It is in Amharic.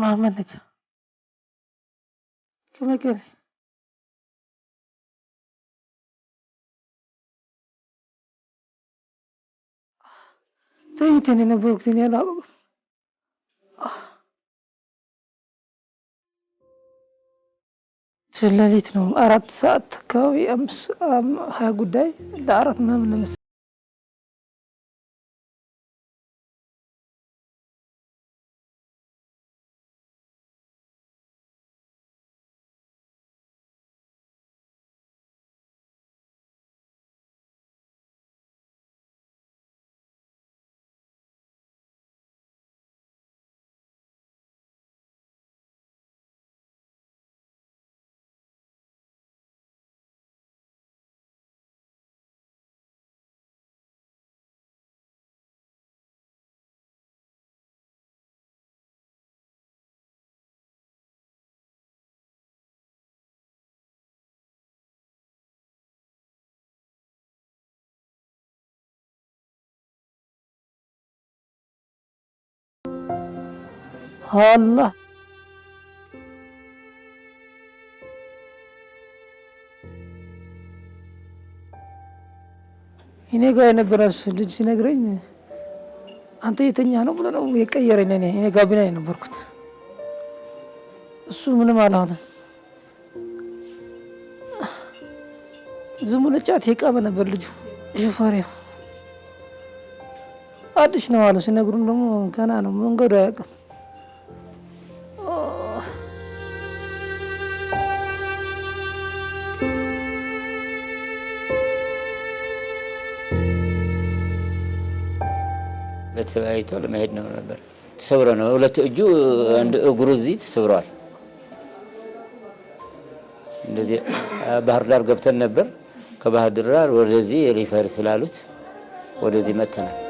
Muhammed'e. Kime göre? ዘይትን ቦግትን ያላውቅም ሌሊት ነው አራት ሰዓት አካባቢ ሀያ ጉዳይ ለአራት ምናምን ለመሰለኝ Allah. እኔ ጋር የነበረ ልጅ ሲነግረኝ አንተ የተኛ ነው ብሎ ነው የቀየረኝ። እኔ እኔ ጋቢና የነበርኩት እሱ ምንም አልሆነም። ዝም ብሎ የቃመ ነበር ልጁ ሾፌሬው። አዲስ ነው አሉ ሲነግሩን ደግሞ ገና ነው መንገዱ አያውቅም። በተሰባይቶ ለመሄድ ነው ነበር። ተሰብሮ ነው ሁለት እጁ እግሩ እዚህ ተሰብሯል። እንደዚህ ባህር ዳር ገብተን ነበር። ከባህር ዳር ወደዚህ ሪፈር ስላሉት ወደዚህ መጥተናል።